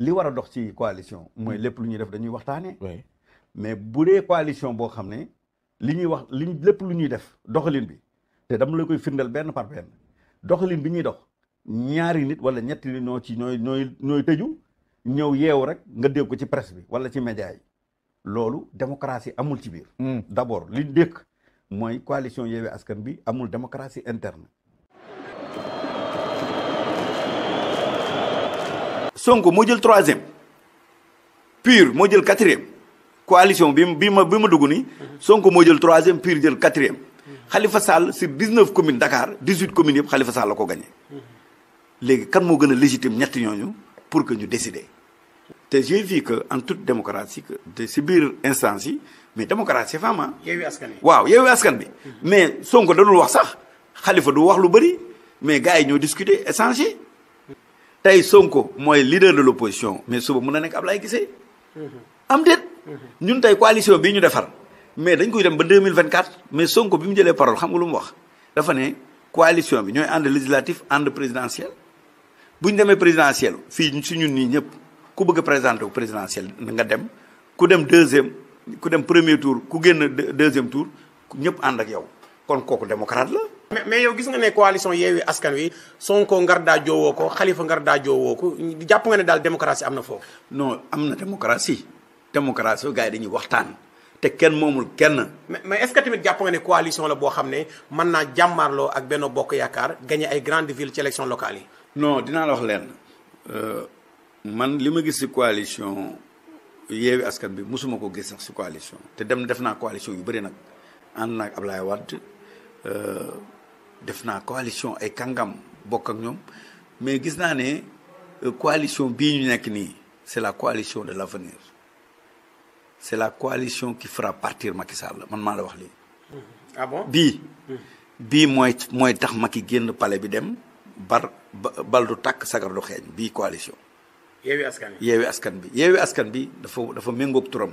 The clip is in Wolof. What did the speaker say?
li war a dox ci coalition mooy mm. lépp lu ñuy def dañuy waxtaanee mais bu dee coalition boo xam ne li ñuy wax li lépp lu ñuy def doxalin bi te dama la koy firndeel benn par benn doxalin bi ñuy dox ñaari nit wala ñetti nit ci ñooy ñooy ñooy tëju ñëw yeewu rek nga dégg ci presse bi wala ci média yi loolu démocratie amul ci biir mm. d'abord li dékk mooy coalition Yewwi Askan bi amul démocratie interne Sonko moo jël troisième PUR moo jël quatrième coalition bi bi ma bi ma dugg nii Sonko moo jël troisième PUR jël quatrième Khalifa Sall sur dix-neuf communes Dakar dix-huit communes yëpp Khalifa Sall la ko gagné léegi kan moo gën a légitime ñetti ñooñu pour que ñu décider te j'ai vu que en toute démocratie que te si biir instance yi mais démocratie c'est femme waaw yeewu askan bi mais Sonko dalul wax sax xalifa du wax lu bëri mais gars yi ñoo discuter échanger tey Sonko mooy leader de l'opposition mais suba mun na nekk laay gisee am déet ñun tey coalition bii ñu defar mais dañ koy dem ba deux vingt 2024 mais Sonko bi mu jëlee parole xam nga lu mu wax dafa ne coalition bi ñooy ànd législatif ànd présidentiel bu ñu demee présidentiel fii si ñun nii ñëpp ku bëgg a présenté wu présidentiel nga dem ku dem deuxième ku dem premier tour ku génn deuxième tour ñëpp ànd ak yow kon kooku démocrate la mais yow gis nga ne coalition Yewwi Askan Wi Sonko ngar daa joowoo ko xalifa ngar daa joowoo ko jàpp nga ne daal démocratie am na foofu. non am na démocratie démocratie gars yi dañuy waxtaan te kenn moomul kenn. mais mais est-ce que tamit jàpp nga ne coalition la boo xam ne mën naa jàmmaarloo ak benn Bokk Yaakaar gagné ay grandes ville ci élection locale yi. non dinaa la wax leen euh, man li ma gis ci coalition Yewwi Askan bi mosuma ko gis sax ci coalition te dem def naa coalition yu bëri nag ànd naa ak def naa coalition ay kàngam bokk ak ñoom mais gis naa ne euh, coalition bii ñu nekk nii c'est la coalition de l'avenir c'est la coalition qui fera partir Macky la man maa la wax lii. ah bii. Hmm. bii mooy mooy tax Macky génn pale bi dem bar bal du tàkk sagar du xeeñ bii coalition. yeewi askan bi yeewi askan bi yeewi askan dafa dafa méngoog turam.